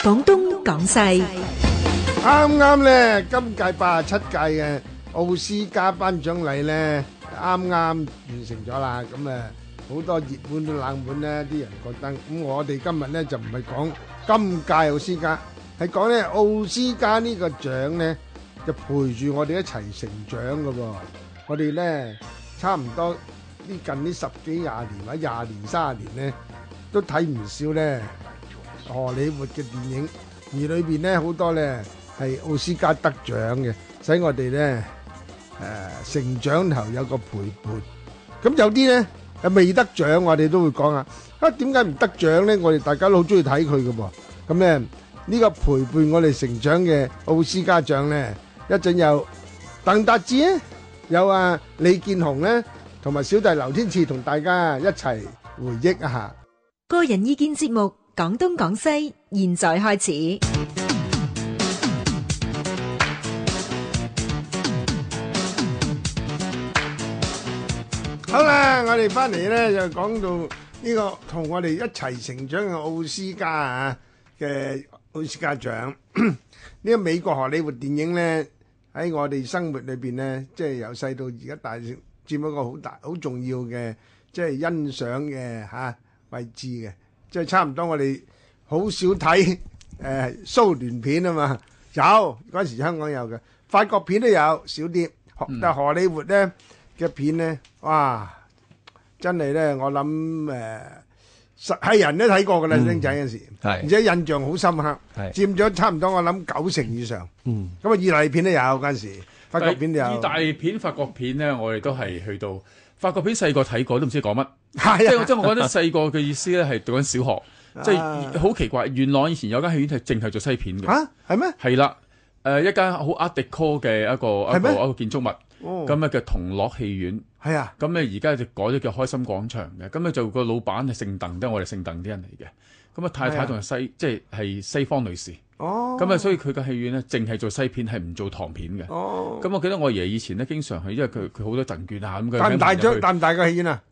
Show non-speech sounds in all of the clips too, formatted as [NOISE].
廣東廣西，啱啱咧今屆八十七屆嘅奧斯卡頒獎禮咧，啱啱完成咗啦。咁、嗯、啊，好多熱門都冷門咧，啲人覺得。咁我哋今日咧就唔係講今屆奧斯卡，係講咧奧斯卡呢個獎咧，就陪住我哋一齊成長噶、哦。我哋咧差唔多呢近呢十幾廿年或者廿年三十年咧，都睇唔少咧。荷里活嘅電影，而裏邊咧好多咧係奧斯卡得獎嘅，使我哋咧誒成長頭有個陪伴。咁有啲咧未得獎，我哋都會講下啊，點解唔得獎咧？我哋大家都好中意睇佢嘅噃。咁咧呢個陪伴我哋成長嘅奧斯卡獎咧，一陣有鄧達智，有啊李健雄咧，同埋小弟劉天賜同大家一齊回憶一下。個人意見節目。講東講西，現在開始。好啦，我哋翻嚟咧，就講到呢個同我哋一齊成長嘅奧斯卡啊嘅奧斯卡獎。呢個美國荷里活電影咧，喺我哋生活裏邊咧，即係由細到而家大，佔一個好大、好重要嘅即係欣賞嘅吓位置嘅。即係差唔多我，我哋好少睇誒蘇聯片啊嘛，有嗰陣時香港有嘅，法國片都有少啲、嗯，但荷里活呢嘅片呢，哇！真係咧，我諗誒實係人都睇過㗎啦、嗯，星仔嗰陣時，而且印象好深刻，佔咗差唔多我諗九成以上。嗯，咁啊，意大利片都有嗰陣時，法國片都有。意大利片、法國片呢，我哋都係去到。發覺俾細個睇過都唔知講乜， [LAUGHS] 即係即係我覺得細個嘅意思咧，係讀緊小學，即係好奇怪。元朗以前有間戲院係淨係做西片嘅。係、啊、咩？係啦，一間好 Art Deco 嘅一個一個一個建築物，咁、哦、樣嘅同樂戲院，係啊，咁咧而家就改咗叫開心廣場嘅，咁咧就個老闆係姓鄧，即係我哋姓鄧啲人嚟嘅，咁啊太太同埋西、啊、即係係西方女士。哦，咁啊，所以佢嘅戲院咧，淨係做西片，係唔做唐片嘅。哦，咁我記得我爺以前咧，經常去，因為佢佢好多贈券啊咁。大唔大張？大唔大個戲院啊？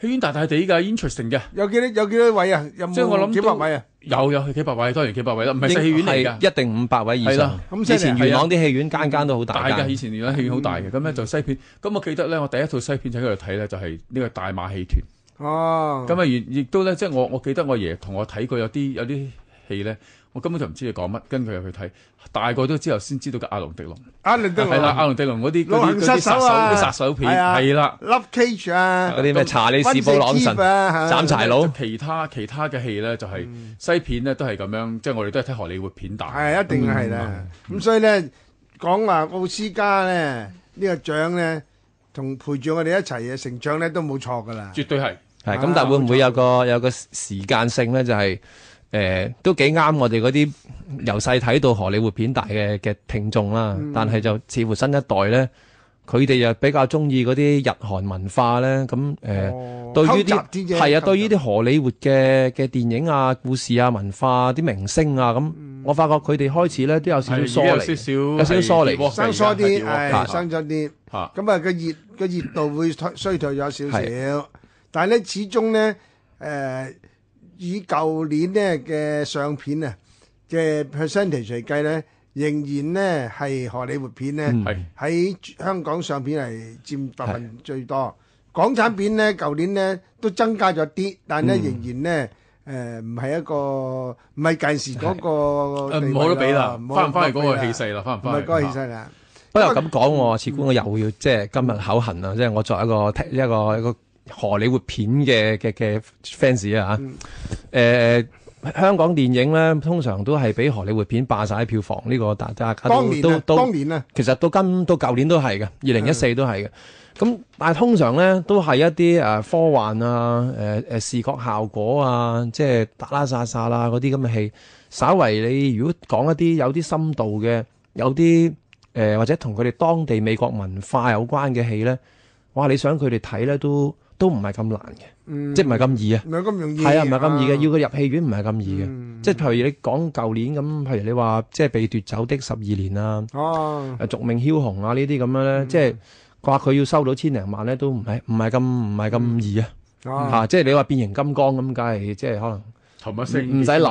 戲院大大地噶，interesting 嘅。有幾多有幾多位啊？有冇幾百位啊？有有幾百位、啊嗯，當然幾百位啦、啊，唔係細戲院嚟噶。一定五百位以上。係啦，之前元朗啲戲院間間都好大。以前元朗戲院好大嘅。咁咧做西片。咁我記得咧，我第一套西片喺度睇咧，就係、係、呢個大馬戲團。哦。咁啊，亦亦都咧，即係我我記得我爺同我睇過有啲有啲。戲咧，我根本就唔知佢講乜，跟佢入去睇，大個咗之後先知道嘅阿龍迪龍，阿龍迪龍係啦，阿龍迪龍嗰啲嗰啲殺手殺手片係啦，Love Cage 啊，嗰啲咩查理士布朗臣啊，斬柴佬，其他其他嘅戲咧就係西片咧都係咁樣，即係我哋都係睇荷里活片大，係一定係啦。咁所以咧講話奧斯卡咧呢個獎咧，同陪住我哋一齊嘅成長咧都冇錯噶啦，絕對係係咁，但係會唔會有個有個時間性咧？就係。誒、欸、都幾啱我哋嗰啲由細睇到荷里活片大嘅嘅聽眾啦，嗯、但係就似乎新一代咧，佢哋又比較中意嗰啲日韓文化咧。咁誒、欸哦，對於啲係啊，對於啲荷里活嘅嘅電影啊、故事啊、文化啲明星啊，咁、嗯、我發覺佢哋開始咧都有少少疏離，有少有少疏離，生疏啲係、哎哎、生咗啲。咁啊，啊那個、熱個、嗯、熱度會衰退咗少少，但係咧始終咧誒。呃以舊年咧嘅上片啊嘅 percentage 嚟計咧，仍然咧係荷里活片咧喺香港上片係佔百分最多。港產片咧舊年咧都增加咗啲，但係咧仍然咧誒唔係一個唔係屆時嗰個冇得比啦，翻唔翻嚟嗰個氣勢啦，翻唔翻去嗰個氣勢啦。不過又咁講喎，似觀我又要即係今日口痕啦，即係我作為一個一個一個。荷里活片嘅嘅嘅 fans 啊、嗯呃、香港電影咧通常都係俾荷里活片霸晒啲票房呢、呢個，大家都都都，都當年啊，年其實到今到舊年都係嘅，二零一四都係嘅。咁但係通常咧都係一啲科幻啊、誒、呃、誒視覺效果啊，即係打打殺殺啦嗰啲咁嘅戲。稍為你如果講一啲有啲深度嘅、有啲誒、呃、或者同佢哋當地美國文化有關嘅戲咧，哇！你想佢哋睇咧都～都唔係咁難嘅、嗯，即係唔係咁易啊？唔係咁容易，係啊，唔係咁易嘅、啊。要佢入戲院唔係咁易嘅、嗯，即係譬如你講舊年咁，譬如你話即係被奪走的十二年啊，續、啊、命梟雄啊呢啲咁樣咧，即係話佢要收到千零萬咧都唔係唔係咁唔係咁易、嗯、啊嚇、啊！即係你話變形金剛咁，梗係、就是、即係可能唔使諗。